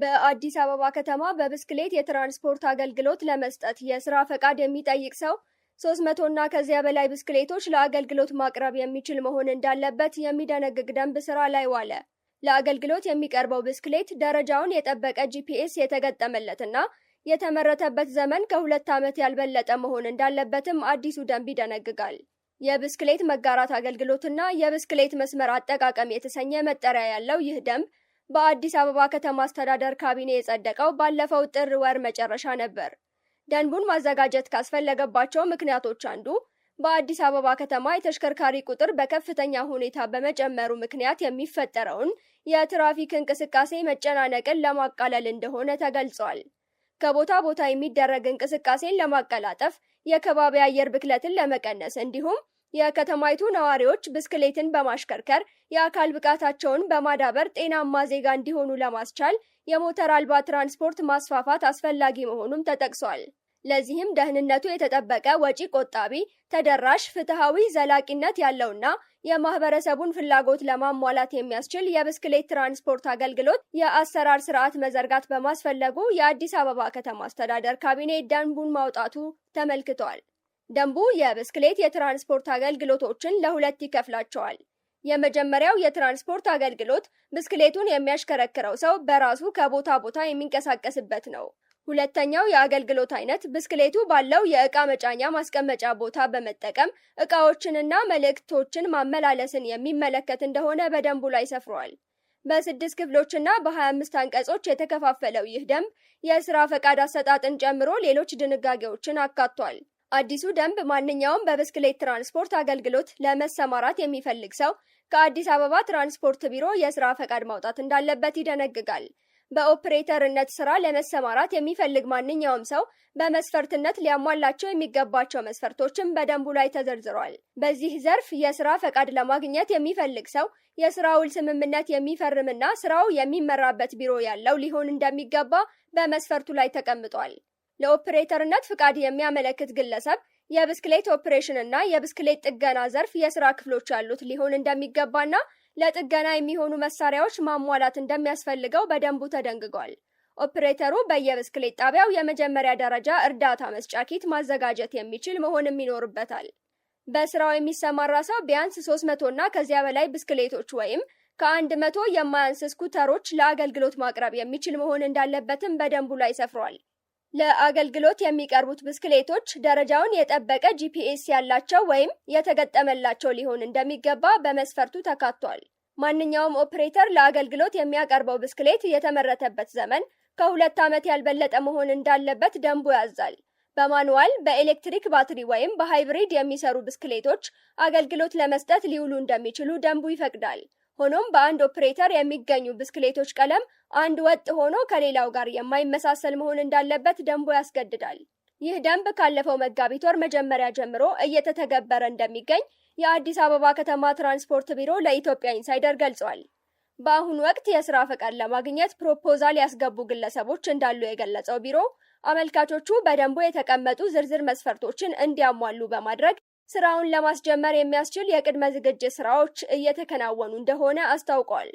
በአዲስ አበባ ከተማ በብስክሌት የትራንስፖርት አገልግሎት ለመስጠት የስራ ፈቃድ የሚጠይቅ ሰው መቶ እና ከዚያ በላይ ብስክሌቶች ለአገልግሎት ማቅረብ የሚችል መሆን እንዳለበት የሚደነግግ ደንብ ስራ ላይ ዋለ። ለአገልግሎት የሚቀርበው ብስክሌት ደረጃውን የጠበቀ ጂፒኤስ የተገጠመለትና የተመረተበት ዘመን ከሁለት ዓመት ያልበለጠ መሆን እንዳለበትም አዲሱ ደንብ ይደነግጋል። የብስክሌት መጋራት አገልግሎትና የብስክሌት መስመር አጠቃቀም የተሰኘ መጠሪያ ያለው ይህ ደንብ በአዲስ አበባ ከተማ አስተዳደር ካቢኔ የጸደቀው ባለፈው ጥር ወር መጨረሻ ነበር። ደንቡን ማዘጋጀት ካስፈለገባቸው ምክንያቶች አንዱ በአዲስ አበባ ከተማ የተሽከርካሪ ቁጥር በከፍተኛ ሁኔታ በመጨመሩ ምክንያት የሚፈጠረውን የትራፊክ እንቅስቃሴ መጨናነቅን ለማቃለል እንደሆነ ተገልጿል። ከቦታ ቦታ የሚደረግ እንቅስቃሴን ለማቀላጠፍ፣ የከባቢ አየር ብክለትን ለመቀነስ እንዲሁም የከተማይቱ ነዋሪዎች ብስክሌትን በማሽከርከር የአካል ብቃታቸውን በማዳበር ጤናማ ዜጋ እንዲሆኑ ለማስቻል የሞተር አልባ ትራንስፖርት ማስፋፋት አስፈላጊ መሆኑም ተጠቅሷል። ለዚህም ደህንነቱ የተጠበቀ ወጪ ቆጣቢ፣ ተደራሽ፣ ፍትሐዊ፣ ዘላቂነት ያለውና የማህበረሰቡን ፍላጎት ለማሟላት የሚያስችል የብስክሌት ትራንስፖርት አገልግሎት የአሰራር ስርዓት መዘርጋት በማስፈለጉ የአዲስ አበባ ከተማ አስተዳደር ካቢኔ ደንቡን ማውጣቱ ተመልክቷል። ደንቡ የብስክሌት የትራንስፖርት አገልግሎቶችን ለሁለት ይከፍላቸዋል። የመጀመሪያው የትራንስፖርት አገልግሎት ብስክሌቱን የሚያሽከረክረው ሰው በራሱ ከቦታ ቦታ የሚንቀሳቀስበት ነው። ሁለተኛው የአገልግሎት አይነት ብስክሌቱ ባለው የእቃ መጫኛ ማስቀመጫ ቦታ በመጠቀም እቃዎችንና መልእክቶችን ማመላለስን የሚመለከት እንደሆነ በደንቡ ላይ ሰፍሯል። በስድስት ክፍሎችና በ25 አንቀጾች የተከፋፈለው ይህ ደንብ የስራ ፈቃድ አሰጣጥን ጨምሮ ሌሎች ድንጋጌዎችን አካቷል። አዲሱ ደንብ ማንኛውም በብስክሌት ትራንስፖርት አገልግሎት ለመሰማራት የሚፈልግ ሰው ከአዲስ አበባ ትራንስፖርት ቢሮ የስራ ፈቃድ ማውጣት እንዳለበት ይደነግጋል። በኦፕሬተርነት ስራ ለመሰማራት የሚፈልግ ማንኛውም ሰው በመስፈርትነት ሊያሟላቸው የሚገባቸው መስፈርቶችም በደንቡ ላይ ተዘርዝሯል። በዚህ ዘርፍ የስራ ፈቃድ ለማግኘት የሚፈልግ ሰው የስራ ውል ስምምነት የሚፈርምና ስራው የሚመራበት ቢሮ ያለው ሊሆን እንደሚገባ በመስፈርቱ ላይ ተቀምጧል። ለኦፕሬተርነት ፍቃድ የሚያመለክት ግለሰብ የብስክሌት ኦፕሬሽን እና የብስክሌት ጥገና ዘርፍ የስራ ክፍሎች ያሉት ሊሆን እንደሚገባና ለጥገና የሚሆኑ መሳሪያዎች ማሟላት እንደሚያስፈልገው በደንቡ ተደንግጓል። ኦፕሬተሩ በየብስክሌት ጣቢያው የመጀመሪያ ደረጃ እርዳታ መስጫ ኪት ማዘጋጀት የሚችል መሆንም ይኖርበታል። በስራው የሚሰማራ ሰው ቢያንስ 300 እና ከዚያ በላይ ብስክሌቶች ወይም ከአንድ መቶ የማያንስ ስኩተሮች ለአገልግሎት ማቅረብ የሚችል መሆን እንዳለበትም በደንቡ ላይ ሰፍሯል። ለአገልግሎት የሚቀርቡት ብስክሌቶች ደረጃውን የጠበቀ ጂፒኤስ ያላቸው ወይም የተገጠመላቸው ሊሆን እንደሚገባ በመስፈርቱ ተካቷል። ማንኛውም ኦፕሬተር ለአገልግሎት የሚያቀርበው ብስክሌት የተመረተበት ዘመን ከሁለት ዓመት ያልበለጠ መሆን እንዳለበት ደንቡ ያዛል። በማኑዋል በኤሌክትሪክ ባትሪ ወይም በሃይብሪድ የሚሰሩ ብስክሌቶች አገልግሎት ለመስጠት ሊውሉ እንደሚችሉ ደንቡ ይፈቅዳል። ሆኖም በአንድ ኦፕሬተር የሚገኙ ብስክሌቶች ቀለም አንድ ወጥ ሆኖ ከሌላው ጋር የማይመሳሰል መሆን እንዳለበት ደንቡ ያስገድዳል። ይህ ደንብ ካለፈው መጋቢት ወር መጀመሪያ ጀምሮ እየተተገበረ እንደሚገኝ የአዲስ አበባ ከተማ ትራንስፖርት ቢሮ ለኢትዮጵያ ኢንሳይደር ገልጿል። በአሁኑ ወቅት የስራ ፈቃድ ለማግኘት ፕሮፖዛል ያስገቡ ግለሰቦች እንዳሉ የገለጸው ቢሮ አመልካቾቹ በደንቡ የተቀመጡ ዝርዝር መስፈርቶችን እንዲያሟሉ በማድረግ ስራውን ለማስጀመር የሚያስችል የቅድመ ዝግጅት ስራዎች እየተከናወኑ እንደሆነ አስታውቋል።